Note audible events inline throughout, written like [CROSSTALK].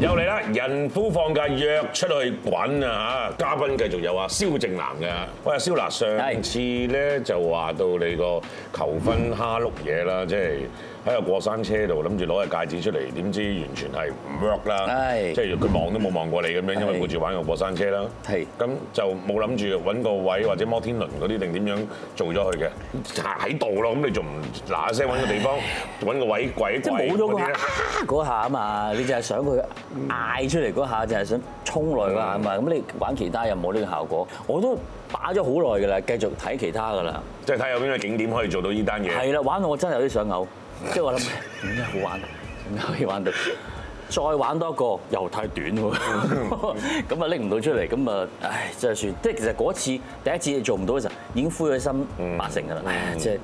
又嚟啦！人夫放假約出去滾啊嚇！嘉賓繼續有啊，蕭正楠嘅。喂，阿蕭啊，上次咧就話到你個求婚蝦碌嘢啦，即係。喺個過山車度諗住攞個戒指出嚟，點知完全係唔 work 啦！即係佢望都冇望過你咁樣，因為顧住玩個過山車啦。係咁就冇諗住揾個位或者摩天輪嗰啲定點樣做咗佢嘅。喺度咯，咁你仲唔嗱聲揾個地方揾個位，鬼貴嗰下啊嘛！你就係想佢嗌出嚟嗰下，就係、是、想衝落嗰下啊嘛！咁你玩其他又冇呢個效果。我都擺咗好耐㗎啦，繼續睇其他㗎啦。即係睇有邊個景點可以做到呢單嘢。係啦，玩到我真係有啲想嘔。即係我諗，點解、 [LAUGHS] 嗯、好玩？點解可以玩到？ [LAUGHS] 再玩多一個 [LAUGHS] 又太短喎，咁啊拎唔到出嚟，咁啊唉，即係算。即係其實嗰次第一次你做唔到嘅時候，已經灰咗心八成㗎啦。嗯唉真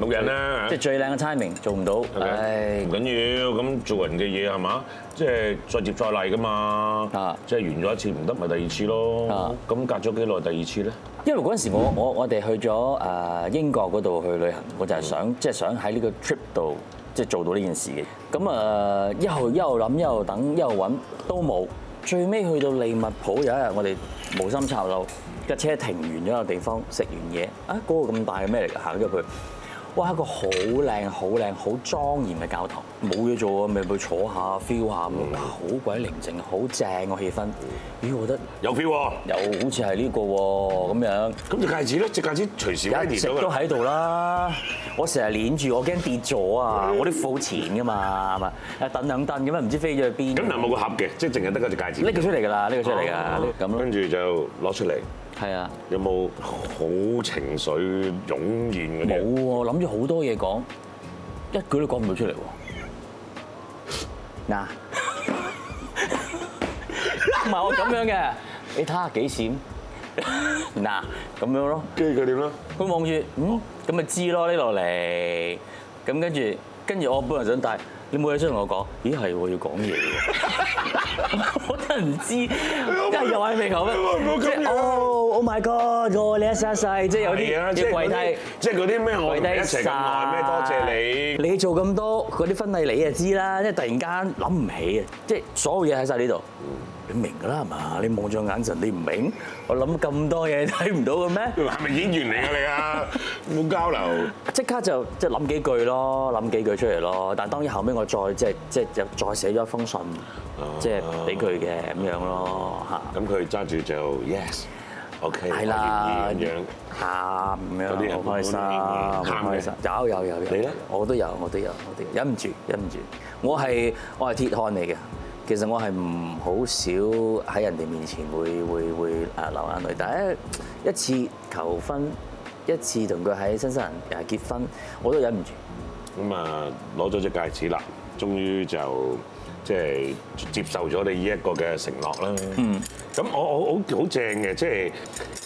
冇人啦，即係最靚嘅 timing 做唔到，Okay. 唉，唔緊要。咁做人嘅嘢係嘛，即係、就是、再接再厲㗎嘛。啊，是的 即係完咗一次唔得，咪第二次咯。啊是的，咁隔咗幾耐第二次咧？因為嗰陣時我我我哋去咗誒英國嗰度去旅行，我就係想即係、嗯、想喺呢個 trip 度即係做到呢件事嘅。咁啊，一路一路諗，一路等，一路揾都冇。最尾去到利物浦有一日，我哋無心插柳，架車停完咗個地方，食完嘢啊，嗰、那個咁大嘅咩嚟㗎？行咗去。哇！一個好靚、好靚、好莊嚴嘅教堂，冇嘢做啊，咪去坐下、feel 下咁啊！好鬼、嗯、寧靜，好正個氣氛。咦？我得覺得、啊、有 feel 喎，又好似係呢個咁樣。咁隻戒指咧，隻戒指隨時成日都喺度啦。我成日攆住，我驚跌咗啊！我啲褲淺噶嘛，咪等兩蹬咁啊，唔知飛咗去邊。咁但係冇個盒嘅，即係淨係得嗰隻戒指。拎佢出嚟㗎啦，拎佢出嚟㗎，咁、哦哦、咯。跟住就攞出嚟。係啊，有！有冇好情緒湧現嘅？冇喎，諗咗好多嘢講，一句都講唔到出嚟喎。嗱，唔係我咁樣嘅，你睇下幾閃。嗱，咁樣咯。跟住佢點咧？佢望住，嗯，咁咪知咯，呢落嚟。咁跟住，跟住我本來想帶。你冇嘢出同我講，咦係喎要講嘢喎，我真係唔知，梗係又係未講咩？Oh my god，個你一生一世，即係有啲嘢啦，即跪低，即係嗰啲咩我哋一齊咁耐，咩多謝你，你做咁多嗰啲婚禮你就知啦，即係突然間諗唔起啊，即係所有嘢喺晒呢度。你明噶啦，係嘛？你望住個眼神，你唔明。我諗咁多嘢睇唔到嘅咩？係咪演員嚟㗎你啊？冇交流，即刻就即係諗幾句咯，諗幾句出嚟咯。但當然後尾我再即係即係又再寫咗一封信，即係俾佢嘅咁樣咯嚇。咁佢揸住就 yes，ok，係啦，咁樣喊，咁樣好開心，好開心。有有有。你咧？我都有，我都有，我都有忍唔住，忍唔住。我係我係鐵漢嚟嘅。其實我係唔好少喺人哋面前會會會誒流眼淚，但係一次求婚，一次同佢喺新西蘭誒結婚，我都忍唔住。咁啊，攞咗隻戒指啦，終於就即係接受咗你呢一個嘅承諾啦。嗯。嗯。咁我好好好正嘅，即係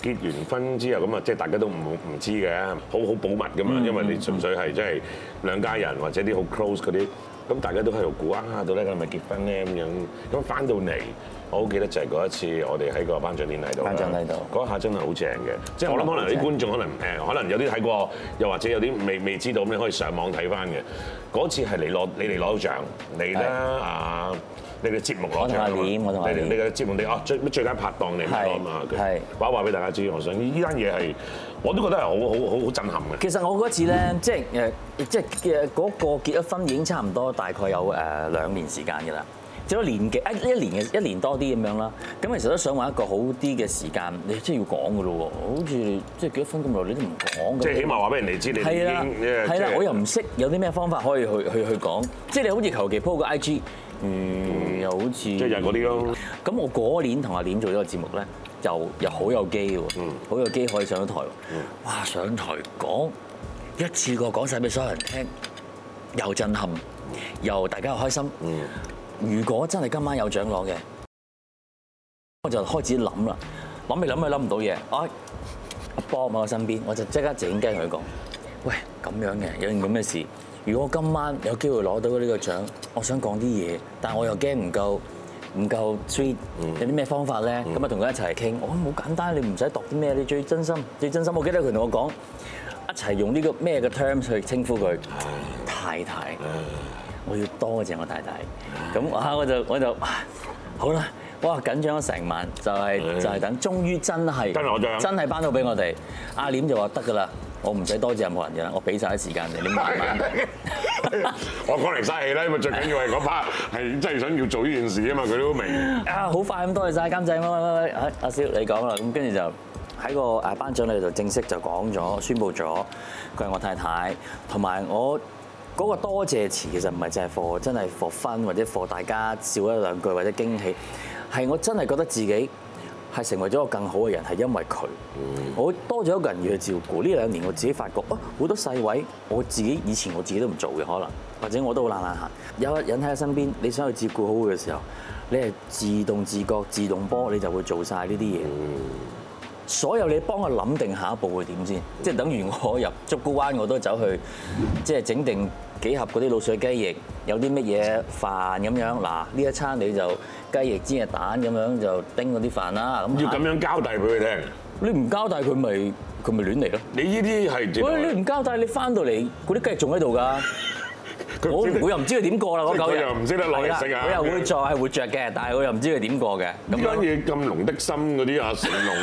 結完婚之後，咁啊即係大家都唔唔知嘅，好好保密咁樣，因為你純粹係即係兩家人或者啲好 close 嗰啲。咁大家都喺度估啊，到底佢係咪結婚咧咁樣？咁翻到嚟，我好記得就係嗰一次，我哋喺個頒獎典禮度，頒獎禮度，嗰下真係好正嘅。即係我諗，可能啲觀眾可能誒，很棒 可能有啲睇過，又或者有啲未未知道咁，你可以上網睇翻嘅。嗰次係你嚟攞，你嚟攞獎，你啦。你嘅節目攞同你，你嘅節目你啊最最佳拍檔嚟咗啊嘛，話話俾大家知，我想呢單嘢係我都覺得係好好好好震撼嘅。其實我嗰次咧，即係誒，即係誒嗰個結咗婚已經差唔多，大概有誒兩年時間嘅啦，咁年幾啊，一年嘅一年多啲咁樣啦。咁其實都想揾一個好啲嘅時間，你真係要講嘅咯喎，好似即係結咗婚咁耐，你都唔講。即係起碼話俾人哋知你點。係啦，係啦，我又唔識有啲咩方法可以去去去講，即係你好似求其 po 個 IG。嗯，又好似即係入嗰啲咯。咁對我嗰年同阿蓮做咗個節目咧，又又好有機嘅好、嗯、有機可以上咗台。嗯、哇！上台講一次過講晒俾所有人聽，又震撼，又大家又開心。嗯、如果真係今晚有獎攞嘅，我就開始諗啦，諗你諗你諗唔到嘢、哎。阿波喺我，我身邊，我就即刻整鏡同佢講，喂，咁樣嘅有件咁嘅事。如果今晚有機會攞到呢個獎，我想講啲嘢，但我又驚唔夠唔夠 sweet，有啲咩方法咧？咁日同佢一齊傾，我好簡單，你唔使讀啲咩，你最真心最真心。我記得佢同我講，一齊用呢、呢個咩嘅 term 去稱呼佢太太，我要多謝我太太。咁啊，我就我就好啦，哇緊張咗成晚，就係、是、就係、是、等，終於真係真係正頒到俾我哋。阿廉就話得㗎啦。我唔使多謝任何人嘅，我俾晒啲時間你你慢慢。 [LAUGHS] 我講嚟嘥氣啦，因為最緊要係嗰 part 係真係想要做呢件事啊嘛，佢都明。啊，好快咁多謝晒監製，咪咪咪，阿阿蕭你講啦，咁跟住就喺個誒頒獎禮度正式就講咗，宣布咗佢係我太太，同埋我嗰、嗰個多謝詞其實唔係淨係賀，真係賀分，或者賀大家笑一兩句或者驚喜，係我真係覺得自己。係成為咗一個更好嘅人，係因為佢。我多咗一個人要去照顧。呢兩年我自己發覺，哦、啊，好多細位，我自己以前我自己都唔做嘅可能，或者我都好懶懶閒。有個人喺身邊，你想去照顧好佢嘅時候，你係自動自覺自動波，你就會做晒呢啲嘢。嗯所有你幫我諗定下一步會點先，即係等於我入竹篙灣，我都走去即係整定幾盒嗰啲滷水雞翼，有啲乜嘢飯咁樣。嗱，呢一餐你就雞翼煎嘅蛋咁樣就叮嗰啲飯啦。咁要咁樣交代俾佢聽你你你，你唔交代佢咪佢咪亂嚟咯。你呢啲係，喂，你唔交代你翻到嚟嗰啲雞翼仲喺度㗎。我又唔知佢點過啦，我嚿嘢。佢又唔識得落去食啊！佢又會再係活着嘅，但係我又唔知佢點過嘅。咁乜嘢咁濃的心嗰啲啊？成龍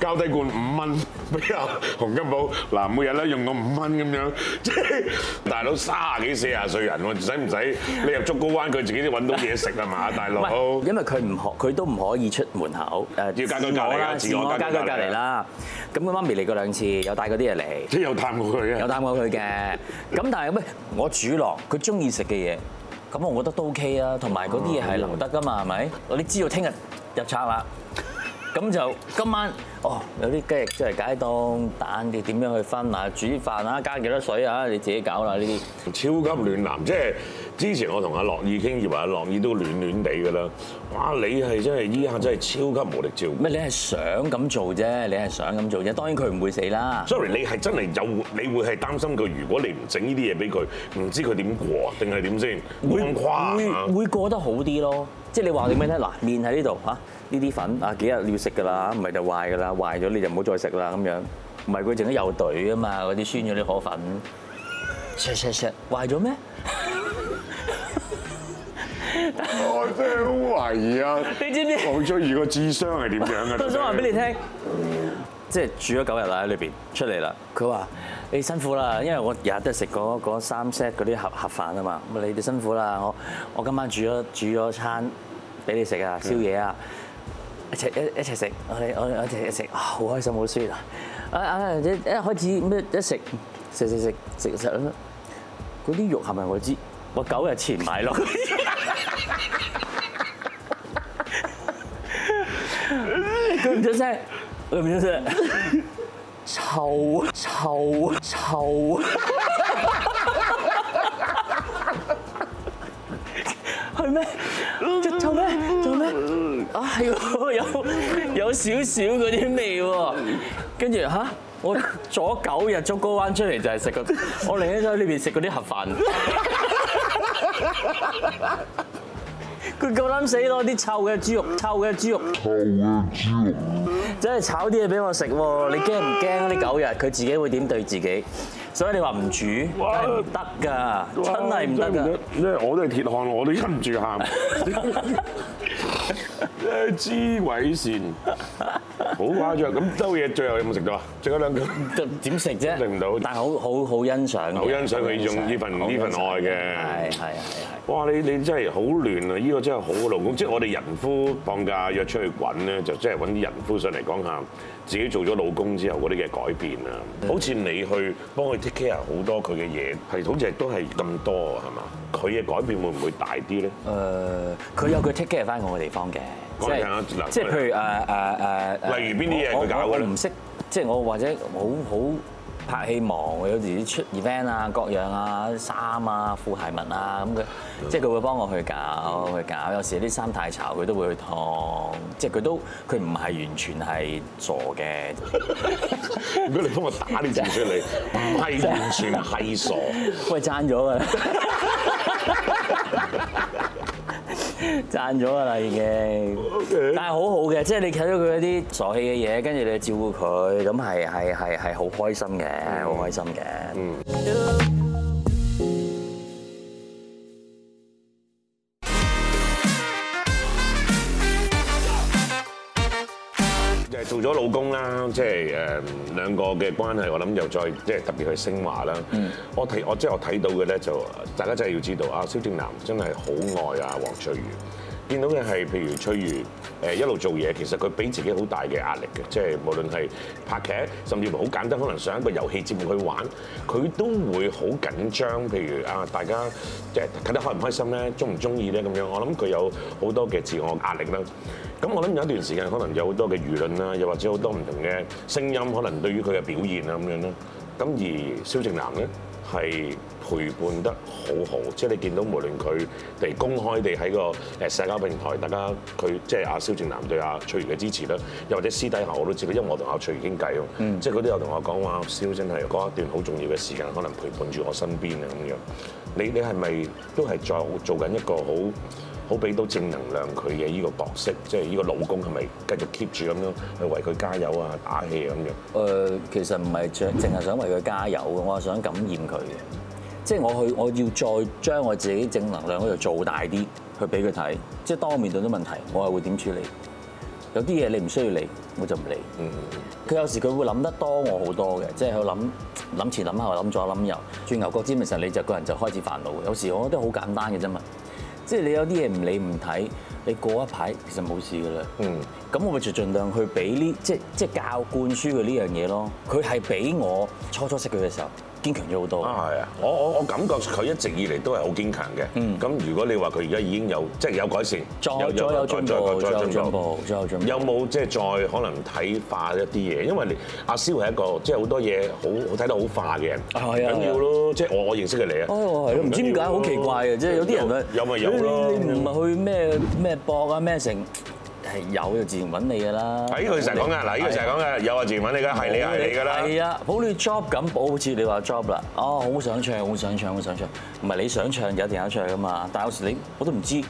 交低罐五蚊，畀阿洪金寶嗱，每日咧用個五蚊咁樣。即係大佬卅幾四啊歲人喎，使唔使你入竹篙灣，佢自己都揾到嘢食係嘛？大佬。因為佢唔學，佢都唔可以出門口。誒，要隔咗隔離，自我隔隔離啦。咁佢媽咪嚟過兩次，又帶嗰啲嘢嚟。即係又探過佢啊！有探過佢嘅。咁但係喂，我煮落。佢中意食嘅嘢，咁我覺得都 OK 啊，同埋嗰啲嘢係留得㗎嘛，係咪是的 吧？你知道聽日入營啦，咁就今晚哦，有啲雞翼即係解凍蛋嘅點樣去分啊？煮飯啊，加幾多水啊？你自己搞啦，呢啲超級暖男即係。就是之前我同阿樂意傾，亦話阿樂意都暖暖地噶啦。哇！你係真係依下真係超級無力照。咩？你係想咁做啫，你係想咁做啫。當然佢唔會死啦。Sorry，你係真係有，你會係擔心佢。如果你唔整呢啲嘢俾佢，唔知佢點過定係點先。會咁誇？會過得好啲咯。即係你話點樣咧？嗱，嗯，麵喺呢度嚇，呢啲粉啊幾日你要食噶啦？唔係就壞噶啦，壞咗你就唔好再食啦咁樣。唔係佢整啲有堆啊嘛，嗰啲酸咗啲河粉。食食食，壞咗咩？ [LAUGHS] 我真係好懷疑啊！你知唔知黃翠如個智商係點樣啊？我想話俾你聽，即係煮咗九日啦喺裏邊出嚟啦。佢話：你辛苦啦，因為我日日都食嗰三 set 嗰啲盒盒飯啊嘛。咁你哋辛苦啦，我我今晚煮咗煮咗餐俾你食啊，宵夜啊，一齊一一齊食，我哋我我一齊食，好開心好 sweet 啊！啊一一開始咩一食食食食食食，嗰啲肉係咪我知？我九日前買落。佢唔出聲，佢唔出聲？臭臭臭！係咩？ [LAUGHS] 做咩？做咩？啊，有有有少少嗰啲味喎。跟住吓，我咗九日捉個彎出嚟就係食嗰，我寧願喺呢邊食嗰啲盒飯。 [LAUGHS] 佢夠膽死咯，啲臭嘅豬肉，臭嘅豬肉，臭嘅豬肉，真係炒啲嘢俾我食喎！你驚唔驚啊？啲狗日佢自己會點對自己？所以你話唔煮，唔得㗎，哇真係唔得㗎。因為我都係鐵漢，我都忍唔住喊 [LAUGHS] 知位善，好誇張。咁周嘢最後有冇食到啊？仲有兩個點食啫？食唔到但，但係好好好欣賞好欣賞佢用呢份呢份愛嘅。係係係。哇！你你真係好亂啊！呢、呢個真係好嘅老公，即係我哋人夫放假約出去滾咧，就即係揾啲人夫上嚟講下。自己做咗老公之後嗰啲嘅改變啊，對 好似你去幫佢 take care 好多佢嘅嘢，係好似亦都係咁多啊，係嘛？佢嘅改變會唔會大啲咧？誒、呃，佢有佢 take care 返我嘅地方嘅，講近一，嗱，即係譬如誒誒誒，uh, uh, uh, 例如邊啲嘢佢搞嘅，我唔識，即係、就是、我或者好好。拍戲忙，有時出 event 啊、各樣啊、衫啊、褲鞋襪啊，咁佢，對 即係佢會幫我去搞我去搞。有時啲衫太潮，佢都會去燙。即係佢都佢唔係完全係傻嘅是。如果你幫我打呢字出嚟。唔係是完全係傻。喂，讚咗啊！賺咗㗎啦，已經，的但係好好嘅，即係你睇到佢一啲傻氣嘅嘢，跟住你照顧佢，咁係係係係好開心嘅，好、嗯、開心嘅。嗯，就係做咗老公啦，即係。誒兩個嘅關係，我諗又再即係特別去昇華啦。我睇我即係我睇到嘅咧，就大家真係要知道啊，蕭正楠真係好愛啊黃翠如。見到嘅係譬如翠如誒一路做嘢，其實佢俾自己好大嘅壓力嘅，即係無論係拍劇，甚至乎好簡單，可能上一個遊戲節目去玩，佢都會好緊張。譬如啊，大家誒睇得開唔開心咧，鍾唔鍾意咧，咁樣我諗佢有好多嘅自我壓力啦。咁我諗有一段時間可能有好多嘅輿論啦，又或者好多唔同嘅聲音，可能對於佢嘅表現啊咁樣啦。咁而蕭正楠咧？係陪伴得好好，即係你見到無論佢哋公開地喺個誒社交平台，大家佢即係阿蕭正楠對阿翠如嘅支持啦，又或者私底下我都知啦，因為我同阿翠如傾偈咯，即係佢都有同我講話，蕭真係嗰一段好重要嘅時間，可能陪伴住我身邊啊咁樣。你你係咪都係在做緊一個好？好俾到正能量佢嘅呢個角色，即係呢個老公係咪繼續 keep 住咁樣去為佢加油啊、打氣啊咁樣？誒、呃，其實唔係淨係想為佢加油嘅，我係想感染佢嘅，即係我去我要再將我自己正能量嗰度做大啲去俾佢睇，即係當我面對啲問題，我係會點處理？有啲嘢你唔需要理，我就唔理。嗯。佢有時佢會諗得多我好多嘅，即係佢諗諗前諗後，諗左諗右，轉牛角尖嘅時候你就個人就開始煩惱。有時我覺得好簡單嘅啫嘛。即係你有啲嘢唔理唔睇，你過一排其實冇事㗎喇。嗯，咁我咪就盡量去俾呢，即係即係教灌輸佢呢樣嘢咯。佢係俾我初初識佢嘅時候。堅強咗好多啊！係啊！我我我感覺佢一直以嚟都係好堅強嘅。嗯。咁如果你話佢而家已經有即係有改善，再再有進步，再進步，再進步，有冇即係再可能睇化一啲嘢？因為你阿蕭係一個即係好多嘢好睇得好化嘅人。啊，係啊。緊要咯，即係我我認識嘅你啊。哦，係唔知點解好奇怪嘅，即係有啲人咪。有咪有咯。你唔係去咩咩博啊咩成？係有就自然揾你噶啦，係佢成日講嘅，嗱呢個成日講嘅有啊自然揾你噶，係理你係對你噶啦。係對啊，好似 job 咁，好似你話 job 啦，哦好想唱，好想唱，好想唱，唔係你想唱有地方唱噶嘛，但有時你我都唔知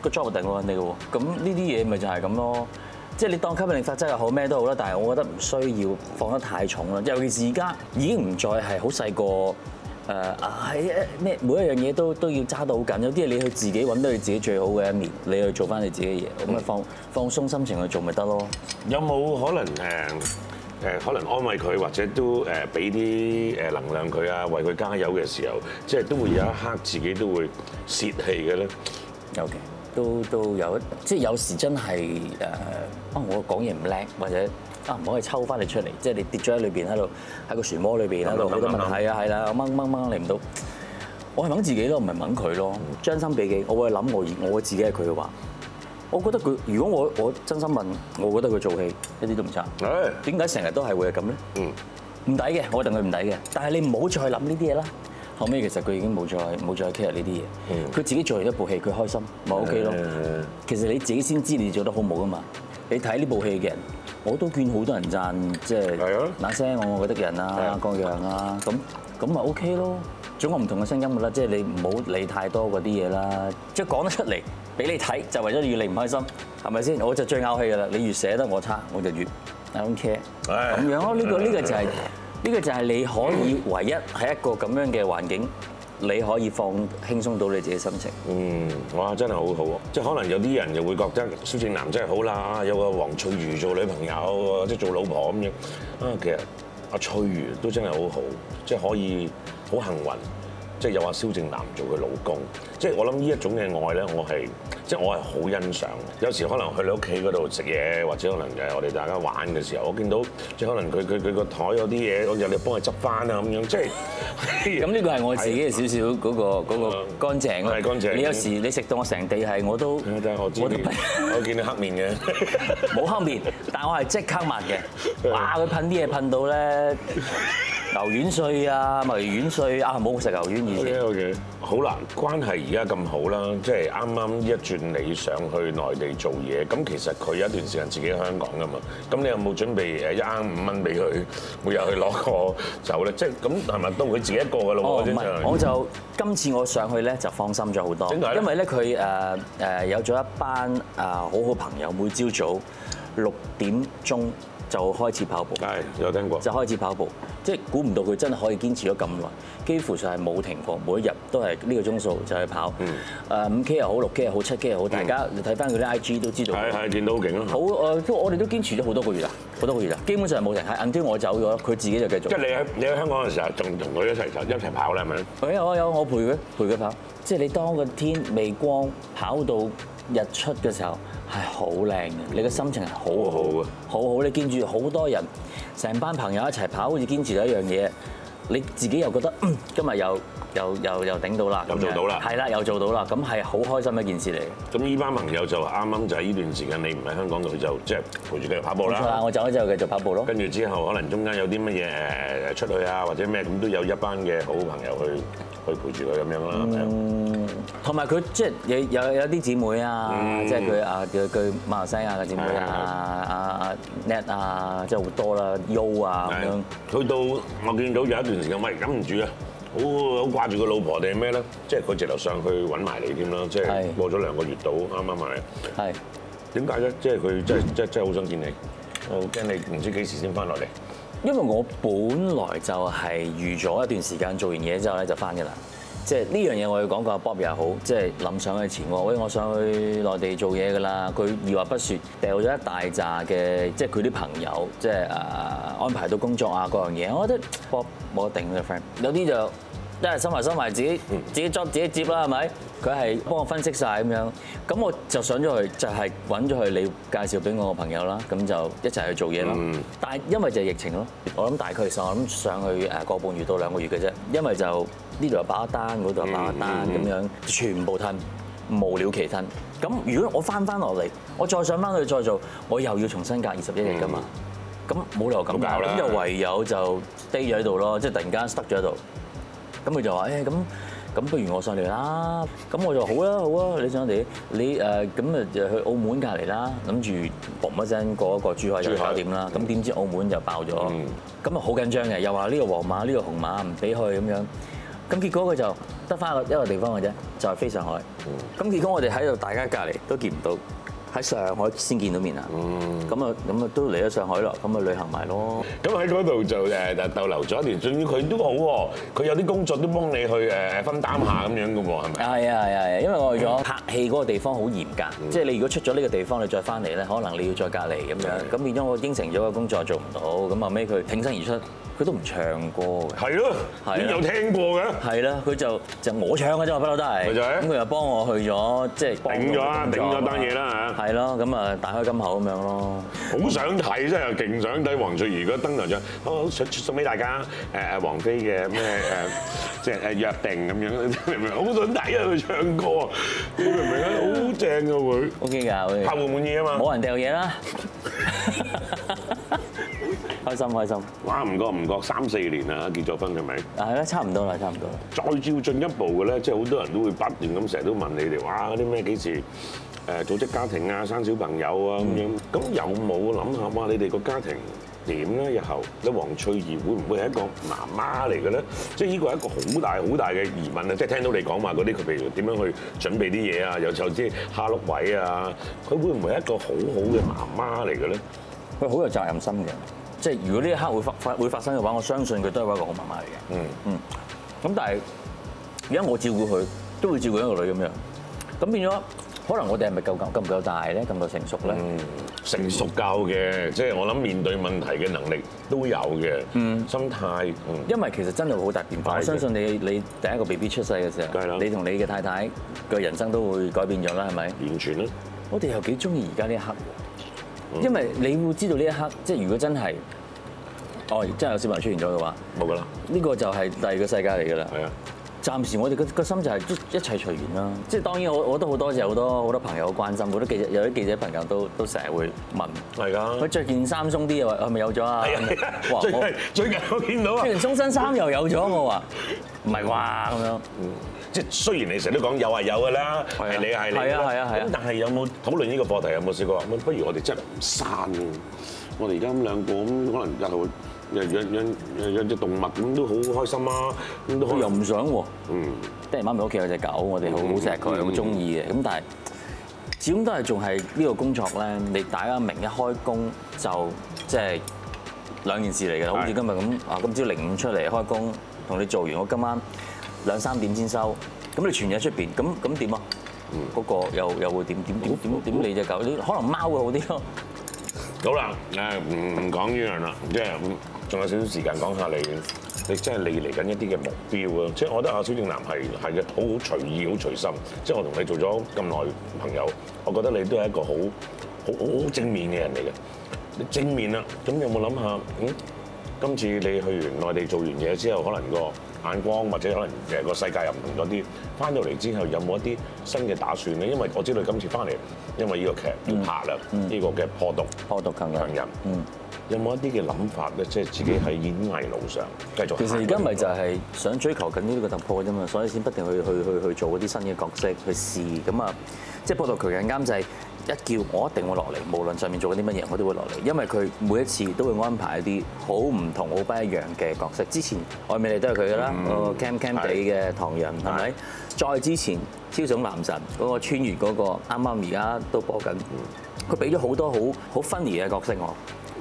個 job 定唔定你嘅喎，咁呢啲嘢咪就係咁咯，即係你當吸引力法則又好咩都好啦，但係我覺得唔需要放得太重啦，尤其是而家已經唔再係好細個。誒啊！喺咩、uh, 哎、每一樣嘢都都要揸到好緊，有啲嘢你去自己揾到你自己最好嘅一面，你去做翻你自己嘢，咁啊 Okay. 放放鬆心情去做咪得咯。有冇可能誒誒、呃呃、可能安慰佢，或者都誒俾啲誒能量佢啊，為佢加油嘅時候，即係都會有一刻自己都會泄氣嘅咧？有嘅。都都有，即係有時真係誒啊，啊！我講嘢唔叻，或者啊唔可以抽翻你出嚟，即係你跌咗喺裏邊喺度喺個漩渦裏邊喺度好多問題。係啊係啦，掹掹掹你唔到，我係問自己都唔係問佢咯。將心比己，我會諗我我自己係佢嘅話，我覺得佢如果我我真心問，我覺得佢做戲一啲都唔差。誒，點解成日都係會係咁咧？嗯，唔抵嘅，我戥佢唔抵嘅，但係你唔好再諗呢啲嘢啦。後尾其實佢已經冇再冇再 care 呢啲嘢，佢、嗯、自己做完一部戲，佢開心咪 OK 咯。其實你自己先知你做得好冇㗎嘛。你睇呢部戲嘅人，我都見好多人讚，即係那些我我覺得嘅人啊、各樣的啊，咁咁咪 OK 咯。總有唔同嘅聲音㗎啦,即、就、係、是、你唔好理太多嗰啲嘢啦。即係講得出嚟俾你睇，就為咗要你唔開心，係咪先？我就最拗氣㗎啦。你越寫得我差，我就越 I don't care。咁的樣咯，呢的、這個呢、這個就係、是。 [LAUGHS] [LAUGHS] 呢個就係你可以唯一喺一個咁樣嘅環境，你可以放輕鬆到你自己心情。嗯，哇，真係好好喎！即係可能有啲人又會覺得蕭正楠真係好啦，有個黃翠如做女朋友，即係做老婆咁樣。啊，其實阿翠如都真係好好，即係可以好幸運。即係又話蕭正楠做佢老公，即係我諗呢一種嘅愛咧，我係即係我係好欣賞嘅。有時可能去你屋企嗰度食嘢，或者可能就係我哋大家玩嘅時候，我見到即係可能佢佢佢個台有啲嘢，我入嚟幫佢執翻啊咁樣，即係。咁呢個係我自己嘅少少嗰、嗰個嗰是個乾淨啊。係乾淨。你有時你食到我成地係我都。我見到黑面嘅。冇黑面，但我係即刻抹嘅。哇！佢噴啲嘢噴到咧。牛丸碎啊，咪丸碎啊，冇食牛丸意思。O K O K，好啦，關係而家咁好啦，即係啱啱一轉你上去內地做嘢，咁其實佢有一段時間自己喺香港噶嘛，咁你有冇準備誒一蚊五蚊俾佢，每日去攞個酒咧？即係咁係咪都佢自己一個噶咯、哦，唔係，我就今 [LAUGHS] 次我上去咧就放心咗好多，點解呢？因為咧佢誒誒有咗一班啊好好朋友，每朝早。六點鐘就開始跑步，係有聽過，就開始跑步，即係估唔到佢真係可以堅持咗咁耐，幾乎就係冇停過，每一日都係呢個鐘數就去、是、跑。誒五、嗯、K 又好，六 K 又好，七 K 又好，嗯、大家睇翻佢啲 IG 都知道。係係，睇到好勁啊。好誒，都、呃、我哋都堅持咗好多個月啦，好多個月啦，基本上冇停。係，until 我走咗，佢自己就繼續。即係你喺你喺香港嘅時候，仲同佢一齊走一齊跑咧，係咪咧？哎、有啊有我陪佢陪佢跑。即係你當個天未光，跑到日出嘅時候。係好靚嘅，你嘅心情係好好，好好嘅，好好你見住好多人，成班朋友一齊跑，好似堅持咗一樣嘢，你自己又覺得、嗯、今日又又又又頂到啦，咁樣做到啦，係啦，又做到啦，咁係好開心嘅一件事嚟。咁呢班朋友就啱啱就喺呢段時間你唔喺香港度，佢就即係陪住繼續跑步啦。冇錯啊，我走咗之後繼續跑步咯。跟住之後可能中間有啲乜嘢誒出去啊，或者咩咁都有一班嘅好朋友去可以陪住佢咁樣啦。嗯同埋佢即係有有有啲姊妹啊，即係佢啊佢佢馬來西亞嘅姊妹啊啊阿 Net 啊，即係好多啦，Yo 啊咁樣。去到我見到有一段時間，喂，忍唔住啊，好好掛住個老婆定係咩咧？即係佢直頭上去揾埋你添啦，即係過咗兩個月到啱啱嚟。係點解咧？即係佢即係即係即係好想見你，好驚、嗯、你唔知幾時先翻落嚟。因為我本來就係預咗一段時間，做完嘢之後咧就翻嘅啦。即係呢樣嘢我要講個 Bob 又好，即係諗上去前喎，喂，我想去內地做嘢㗎啦。佢二話不説，掉咗一大扎嘅，即係佢啲朋友，即係誒、呃、安排到工作啊嗰樣嘢。我覺得 Bob 冇得頂嘅 friend，有啲就。一係收埋收埋，自己自己作自己接啦，係咪？佢係幫我分析晒，咁樣，咁我就上咗去，就係揾咗佢，你介紹俾我個朋友啦。咁就一齊去做嘢啦。嗯、但係因為就疫情咯，我諗大概其實我諗上去誒個半月到兩個月嘅啫。因為就呢度又爆咗單，嗰度又爆咗單，咁、嗯嗯、樣全部吞無了期吞。咁如果我翻翻落嚟，我再上翻去再做，我又要重新隔二十一日㗎嘛。咁冇、嗯、理由咁搞啦，就唯有就 stay 咗喺度咯，即係、嗯就是、突然間 stuck 喺度。咁佢就話誒，咁、欸、咁不如我上嚟啦，咁我就好啦好啊，你想點？你誒咁誒就去澳門隔離啦，諗住嘣一聲，過一個珠海又點啦？咁點知澳門就爆咗，咁啊好緊張嘅，又話呢個皇馬呢、呢個紅馬唔俾去咁樣，咁結果佢就得翻一個一個地方嘅啫，就再、係、飛上海。咁、嗯、結果我哋喺度大家隔離都見唔到。喺上海先見到面啊！嗯，咁啊，咁啊都嚟咗上海咯，咁啊旅行埋咯。咁喺嗰度就誒逗留咗一年，終於佢都好喎。佢有啲工作都幫你去誒分擔下咁樣嘅喎，係咪？係啊係啊係啊，因為我去咗拍戲嗰個地方好嚴格，即係你如果出咗呢個地方，你再翻嚟咧，可能你要再隔離咁樣。咁變咗我應承咗個工作做唔到，咁後尾佢挺身而出，佢都唔唱歌嘅。係咯，邊有聽過嘅？係啦，佢就就我唱嘅啫，不嬲都係。佢咁，佢又幫我去咗，即係頂咗啊，頂咗單嘢啦。係咯，咁啊大開金口咁樣咯，好想睇真係，勁想睇黃翠如嘅登台唱，好想送俾大家誒誒王菲嘅咩誒，即係誒約定咁樣，明唔明？好想睇啊，佢唱歌，明唔明啊？好正啊。佢，OK 㗎，拍滿滿意啊嘛，冇人掉嘢啦，開心開心。哇，唔覺唔覺三四年啦，結咗婚係咪？係啦，差唔多啦，差唔多啦。再照進一步嘅咧，即係好多人都會不斷咁成日都問你哋，哇嗰啲咩幾時？誒組織家庭啊，生小朋友啊咁樣，咁、嗯、有冇諗下哇？你哋個家庭點咧？日後咧，黃翠如會唔會係一個媽媽嚟嘅咧？即係呢個係一個好大好大嘅疑問啊！即係聽到你講話嗰啲，佢譬如點樣去準備啲嘢啊，又就即係下碌位啊，佢會唔會係一個好好嘅媽媽嚟嘅咧？佢好有責任心嘅，即係如果呢一刻會發發會發生嘅話，我相信佢都係一個好媽媽嚟嘅。嗯嗯，咁但係而家我照顧佢，都會照顧一個女咁樣，咁變咗。可能我哋係咪夠夠夠唔夠大咧？夠，夠成熟咧、嗯？成熟夠嘅，即係我諗面對問題嘅能力都有嘅。嗯、心態，嗯、因為其實真係好大變化。快我相信你，你第一個 BB 出世嘅時候，然你同你嘅太太嘅人生都會改變咗啦，係咪？完全啦！我哋又幾鍾意而家呢一刻，因為你會知道呢一刻，即係如果真係，哦，真係有小朋友出現咗嘅話，冇㗎啦，呢個就係第二個世界嚟㗎啦。係啊。暫時我哋個個心就係一切隨緣啦，即係當然我我都好多謝好多好多朋友嘅關心，好多記者有啲記者朋友都都成日會問，係㗎是的，佢着件衫鬆啲，話係咪有咗啊？哇最近我最近我見到著件中身衫又有咗，我話唔係啩，咁樣，即係雖然你成日都講有係有㗎啦，係你係你係啊係啊係啊，但係有冇討論呢個課題有冇試過？咁不如我哋即係唔刪我哋而家咁兩個咁可能真係 [MUSIC] 養養養隻動物咁都好開心啊！咁都又唔想嗯，爹哋媽咪屋企有隻狗，我哋好錫佢，好中意嘅。咁、嗯、但係始終都係仲係呢個工作咧。你大家明一開工就即、是、係兩件事嚟嘅，好似是 今日咁。今朝零五出嚟開工，同你做完，我今晚兩三點先收。咁你全日喺出邊，咁咁點啊？嗰、嗯、個又又會點點點點點你隻狗你可能貓會好啲咯、嗯。好啦，誒唔講呢樣啦，即係仲有少少時間講下你，你真係你嚟緊一啲嘅目標啊！即係我覺得阿蕭正楠係係好好隨意，好隨心。即係我同你做咗咁耐朋友，我覺得你都係一個好好好正面嘅人嚟嘅。正面啊，咁有冇諗下？嗯，今次你去完內地做完嘢之後，可能個眼光或者可能誒個世界又唔同咗啲。翻到嚟之後，有冇一啲新嘅打算咧？因為我知道你今次翻嚟，因為呢個劇要拍啦，呢個嘅破毒、破毒強人。嗯有冇一啲嘅諗法咧？即係自己喺演藝路上繼續其實而家咪就係想追求緊呢一個突破啫嘛，所以先不停去，去去去去做嗰啲新嘅角色去試咁啊。即係波道強嘅監製一叫我一定會落嚟，無論上面做緊啲乜嘢，我都會落嚟，因為佢每一次都會安排一啲好唔同好不一樣嘅角色。之前愛美麗都係佢噶啦，嗯、個 cam cam 地嘅唐人係咪？的再之前超種男神嗰、那個穿越嗰個啱啱而家都在播緊，佢俾咗好多好好分離嘅角色我。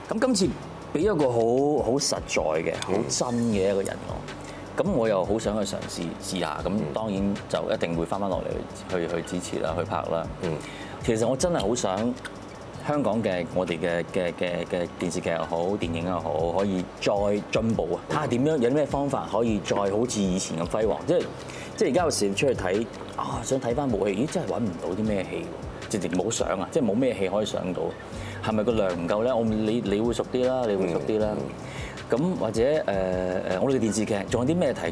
咁今次俾一個好好實在嘅、好、嗯、真嘅一個人我，咁我又好想去嘗試試下，咁當然就一定會翻翻落嚟去去支持啦、去拍啦。嗯，其實我真係好想香港嘅我哋嘅嘅嘅嘅電視劇又好、電影又好，可以再進步啊！睇下點樣，有咩方法可以再好似以前咁輝煌？即係即係而家有時出去睇啊、哦，想睇翻部戲，咦？真係揾唔到啲咩戲，直直冇上啊！即係冇咩戲可以上到。係咪個量唔夠咧？我你你會熟啲啦，你會熟啲啦。咁或者誒誒，我哋嘅電視劇仲有啲咩題材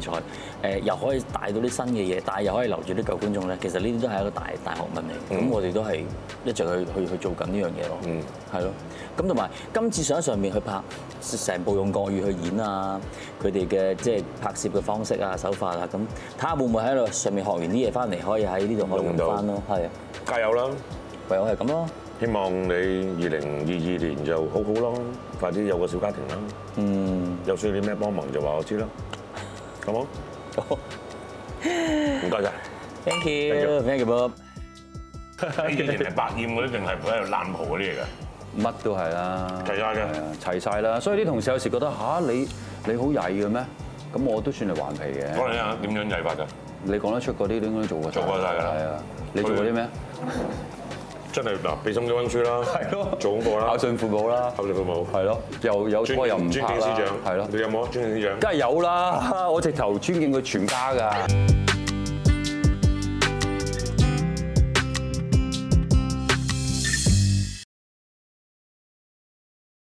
誒？又可以帶到啲新嘅嘢，但係又可以留住啲舊觀眾咧。其實呢啲都係一個大大學問嚟。咁我哋都係一直去去去做緊呢樣嘢咯。嗯。係咯。咁同埋今次想喺上面去拍成部用國語去演啊，佢哋嘅即係拍攝嘅方式啊、手法啊，咁睇下會唔會喺度上面學完啲嘢翻嚟，可以喺呢度可以用翻咯。係啊，加油啦！唯有係咁咯。希望你二零二二年就好好咯，快啲有個小家庭啦。嗯，又需要啲咩幫忙就話我知啦，好冇？唔該晒，thank you，thank you Bob。以前係百厭嗰啲定係喺度爛蒲嗰啲嚟㗎？乜都係啦，齊晒嘅，齊晒啦。所以啲同事有時覺得吓，你你好曳嘅咩？咁我都算係頑皮嘅。講嚟聽下，點樣曳法㗎？你講得出嗰啲都應該做過，做過晒㗎啦。係啊，你做過啲咩？真係嗱，背書要温書啦，係咯，做功課啦，孝順父母啦，孝敬父母，係咯，又有我又唔尊敬師長，係咯，你有冇尊敬師長？梗係有啦，我直頭尊敬佢全家㗎。